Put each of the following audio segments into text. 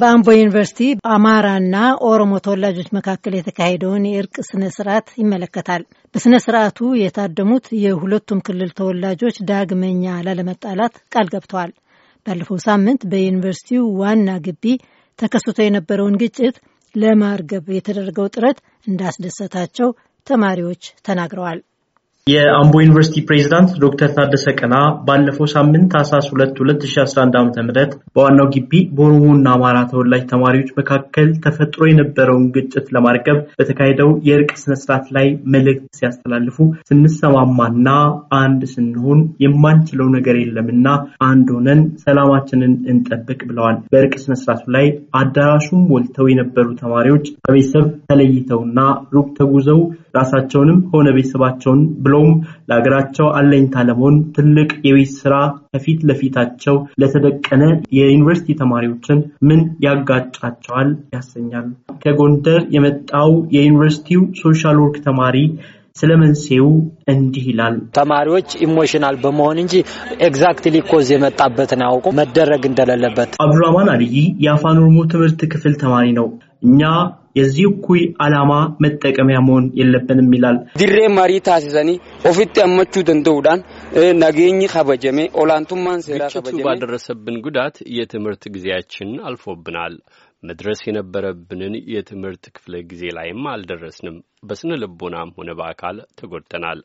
በአምቦ ዩኒቨርሲቲ በአማራና ኦሮሞ ተወላጆች መካከል የተካሄደውን የእርቅ ስነ ስርዓት ይመለከታል። በስነ ስርዓቱ የታደሙት የሁለቱም ክልል ተወላጆች ዳግመኛ ላለመጣላት ቃል ገብተዋል። ባለፈው ሳምንት በዩኒቨርሲቲው ዋና ግቢ ተከስቶ የነበረውን ግጭት ለማርገብ የተደረገው ጥረት እንዳስደሰታቸው ተማሪዎች ተናግረዋል። የአምቦ ዩኒቨርሲቲ ፕሬዝዳንት ዶክተር ታደሰ ቀና ባለፈው ሳምንት ታህሳስ ሁለት ሁለት ሺ አስራ አንድ በዋናው ግቢ በኦሮሞና አማራ ተወላጅ ተማሪዎች መካከል ተፈጥሮ የነበረውን ግጭት ለማርገብ በተካሄደው የእርቅ ስነስርዓት ላይ መልእክት ሲያስተላልፉ ስንሰማማና አንድ ስንሆን የማንችለው ነገር የለምና አንድ ሆነን ሰላማችንን እንጠብቅ ብለዋል። በእርቅ ስነስርዓቱ ላይ አዳራሹም ሞልተው የነበሩ ተማሪዎች ከቤተሰብ ተለይተውና ሩቅ ተጉዘው ራሳቸውንም ሆነ ቤተሰባቸውን ብሎም ለሀገራቸው አለኝታ ለመሆን ትልቅ የቤት ስራ ከፊት ለፊታቸው ለተደቀነ የዩኒቨርሲቲ ተማሪዎችን ምን ያጋጫቸዋል ያሰኛል። ከጎንደር የመጣው የዩኒቨርሲቲው ሶሻል ወርክ ተማሪ ስለ መንስኤው እንዲህ ይላል። ተማሪዎች ኢሞሽናል በመሆን እንጂ ኤግዛክትሊ ኮዝ የመጣበትን አያውቁም መደረግ እንደሌለበት። አብዱራማን አልይ የአፋን ኦሮሞ ትምህርት ክፍል ተማሪ ነው። እኛ የዚህ እኩይ ዓላማ መጠቀሚያ መሆን የለብንም ይላል። ድሬ መሪ ታሲሰኒ ኦፊት አመቹ ደንደውዳን ናገኝ ከበጀሜ ኦላንቱማን ሴራ ግጭቱ ባደረሰብን ጉዳት የትምህርት ጊዜያችን አልፎብናል። መድረስ የነበረብንን የትምህርት ክፍለ ጊዜ ላይም አልደረስንም። በስነ ልቦናም ሆነ በአካል ተጎድተናል።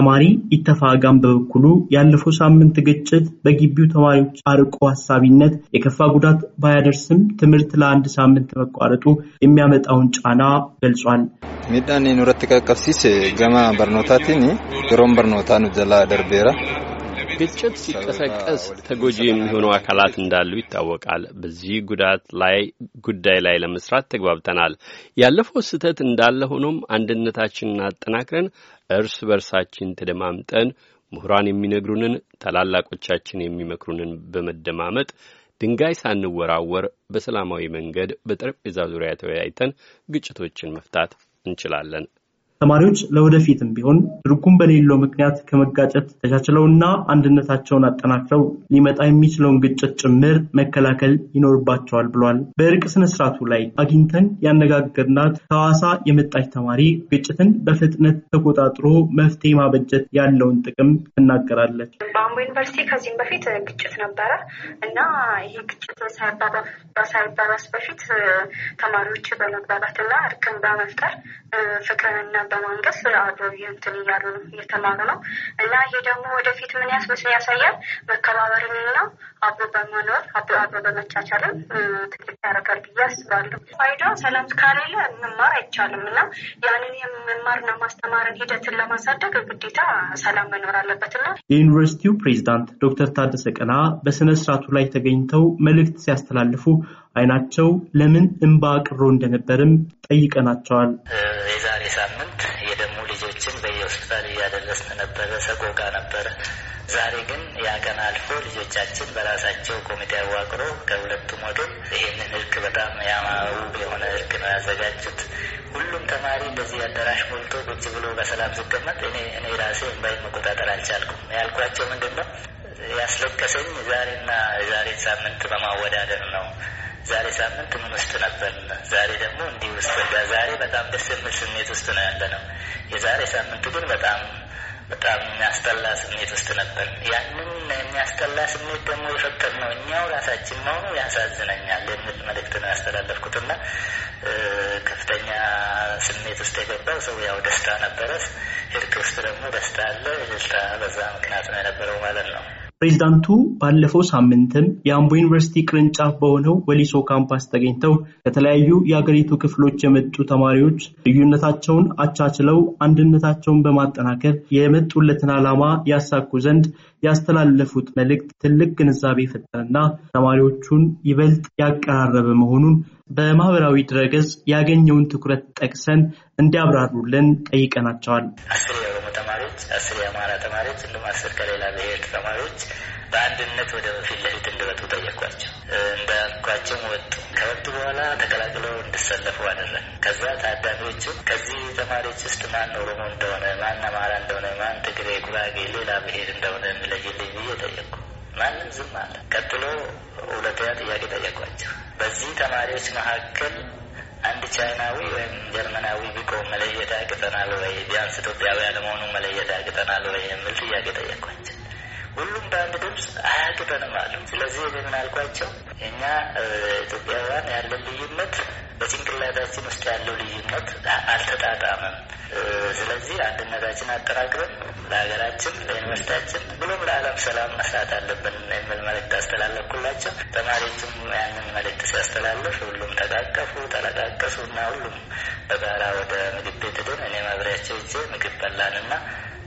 ተማሪ ኢተፋጋም በበኩሉ ያለፈው ሳምንት ግጭት በግቢው ተማሪዎች አርቆ ሀሳቢነት የከፋ ጉዳት ባያደርስም ትምህርት ለአንድ ሳምንት መቋረጡ የሚያመጣውን ጫና ገልጿል። ሚዳን ኑረት ቀቀብሲስ ገማ በርኖታቲን ሮም በርኖታ ኑጀላ ደርቤራ ግጭት ሲቀሰቀስ ተጎጂ የሚሆኑ አካላት እንዳሉ ይታወቃል። በዚህ ጉዳት ላይ ጉዳይ ላይ ለመስራት ተግባብተናል። ያለፈው ስህተት እንዳለ ሆኖም አንድነታችንን አጠናክረን እርስ በርሳችን ተደማምጠን ምሁራን የሚነግሩንን ታላላቆቻችን የሚመክሩንን በመደማመጥ ድንጋይ ሳንወራወር በሰላማዊ መንገድ በጠረጴዛ ዙሪያ ተወያይተን ግጭቶችን መፍታት እንችላለን። ተማሪዎች ለወደፊትም ቢሆን ትርጉም በሌለው ምክንያት ከመጋጨት ተቻችለውና አንድነታቸውን አጠናክረው ሊመጣ የሚችለውን ግጭት ጭምር መከላከል ይኖርባቸዋል ብሏል። በእርቅ ስነስርዓቱ ላይ አግኝተን ያነጋገርናት ከሐዋሳ የመጣች ተማሪ ግጭትን በፍጥነት ተቆጣጥሮ መፍትሄ ማበጀት ያለውን ጥቅም ትናገራለች። በአምቦ ዩኒቨርሲቲ ከዚህም በፊት ግጭት ነበረ እና ይህ ግጭት ሳይባባስ በፊት ተማሪዎች በመግባባትና እርቅን በመፍጠር ፍቅርንና በማንገስ እንትን እያሉ ነው እየተማሩ ነው። እና ይሄ ደግሞ ወደፊት ምን ያስመስል ያሳያል ነው አብሮ በመኖር አብሮ አብሮ በመቻቻልን ትልቅ ያደርጋል ብዬ አስባለሁ። ፋይዳ ሰላም ካሌለ መማር አይቻልም እና ያንን የመማርና ማስተማርን ሂደትን ለማሳደግ ግዴታ ሰላም መኖር አለበት እና የዩኒቨርሲቲው ፕሬዚዳንት ዶክተር ታደሰ ቀና በስነ ስርዓቱ ላይ ተገኝተው መልእክት ሲያስተላልፉ አይናቸው ለምን እንባ አቅሮ እንደነበርም ጠይቀናቸዋል። የዛሬ ሳምንት ልጆችን በየሆስፒታል እያደረስን ነበረ። ሰቆቃ ነበረ። ዛሬ ግን ያ ቀን አልፎ ልጆቻችን በራሳቸው ኮሚቴ አዋቅሮ ከሁለቱም ወገን ይህንን እርቅ በጣም ያማሩ የሆነ እርቅ ነው ያዘጋጁት። ሁሉም ተማሪ እንደዚህ አዳራሽ ሞልቶ ቁጭ ብሎ በሰላም ሲቀመጥ እኔ እኔ ራሴ እምባይን መቆጣጠር አልቻልኩም። ያልኳቸው ምንድን ነው ያስለቀሰኝ ዛሬና የዛሬ ሳምንት በማወዳደር ነው ዛሬ ሳምንት ምን ውስጥ ነበር፣ ዛሬ ደግሞ እንዲህ ውስጥ ዛሬ በጣም ደስ የሚል ስሜት ውስጥ ነው ያለ ነው። የዛሬ ሳምንቱ ግን በጣም በጣም የሚያስጠላ ስሜት ውስጥ ነበር። ያንን የሚያስጠላ ስሜት ደግሞ ነው እኛው ራሳችን መሆኑ ያሳዝነኛል የሚል መልእክት ነው ያስተላለፍኩትና ከፍተኛ ስሜት ውስጥ የገባው ሰው ያው ደስታ ነበረ። እርቅ ውስጥ ደግሞ ደስታ አለ፣ ደስታ በዛ ምክንያት ነው የነበረው ማለት ነው። ፕሬዝዳንቱ ባለፈው ሳምንትም የአምቦ ዩኒቨርሲቲ ቅርንጫፍ በሆነው ወሊሶ ካምፓስ ተገኝተው ከተለያዩ የአገሪቱ ክፍሎች የመጡ ተማሪዎች ልዩነታቸውን አቻችለው አንድነታቸውን በማጠናከር የመጡለትን ዓላማ ያሳኩ ዘንድ ያስተላለፉት መልእክት ትልቅ ግንዛቤ ፈጠረና ተማሪዎቹን ይበልጥ ያቀራረበ መሆኑን በማህበራዊ ድረገጽ ያገኘውን ትኩረት ጠቅሰን እንዲያብራሩልን ጠይቀናቸዋል። አስር የኦሮሞ ተማሪዎች፣ አስር የአማራ ተማሪዎች በአንድነት ወደ ፊት ለፊት እንዲወጡ ጠየኳቸው። እንዳልኳቸውም ወጡ። ከወጡ በኋላ ተቀላቅለው እንድሰለፉ አደረግ። ከዛ ታዳሚዎቹ ከዚህ ተማሪዎች ውስጥ ማን ኦሮሞ እንደሆነ፣ ማን አማራ እንደሆነ፣ ማን ትግሬ፣ ጉራጌ፣ ሌላ ብሄር እንደሆነ የሚለይልኝ ብዬ ጠየቅኩ። ማንም ዝም አለ። ቀጥሎ ሁለተኛ ጥያቄ ጠየኳቸው። በዚህ ተማሪዎች መካከል አንድ ቻይናዊ ወይም ጀርመናዊ ቢቆም መለየት ያቅተናል ወይ? ቢያንስ ኢትዮጵያዊ አለመሆኑ ያስቆጡተንም አሉ። ስለዚህ ምን አልኳቸው፣ እኛ ኢትዮጵያውያን ያለን ልዩነት በጭንቅላታችን ውስጥ ያለው ልዩነት አልተጣጣምም። ስለዚህ አንድነታችን አጠናክረን ለሀገራችን፣ ለዩኒቨርስቲያችን ብሎም ለዓለም ሰላም መስራት አለብን የሚል መልእክት አስተላለፍኩላቸው። ተማሪዎችም ያንን መልእክት ሲያስተላልፍ ሁሉም ተቃቀፉ፣ ተለቃቀሱ እና ሁሉም በጋራ ወደ ምግብ ቤት ሄደን እኔ ማብሪያቸው ይዤ ምግብ በላንና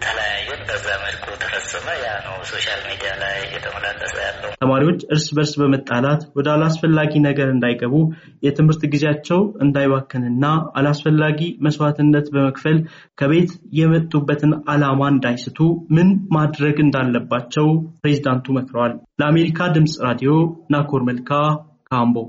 ተለያየን። በዛ መልኩ ተፈጸመ። ያ ነው ሶሻል ሚዲያ ላይ እየተመላለሰ ያለው። ተማሪዎች እርስ በርስ በመጣላት ወደ አላስፈላጊ ነገር እንዳይገቡ የትምህርት ጊዜያቸው እንዳይባክንና አላስፈላጊ መስዋዕትነት በመክፈል ከቤት የመጡበትን ዓላማ እንዳይስቱ ምን ማድረግ እንዳለባቸው ፕሬዚዳንቱ መክረዋል። ለአሜሪካ ድምፅ ራዲዮ ናኮር መልካ ካምቦ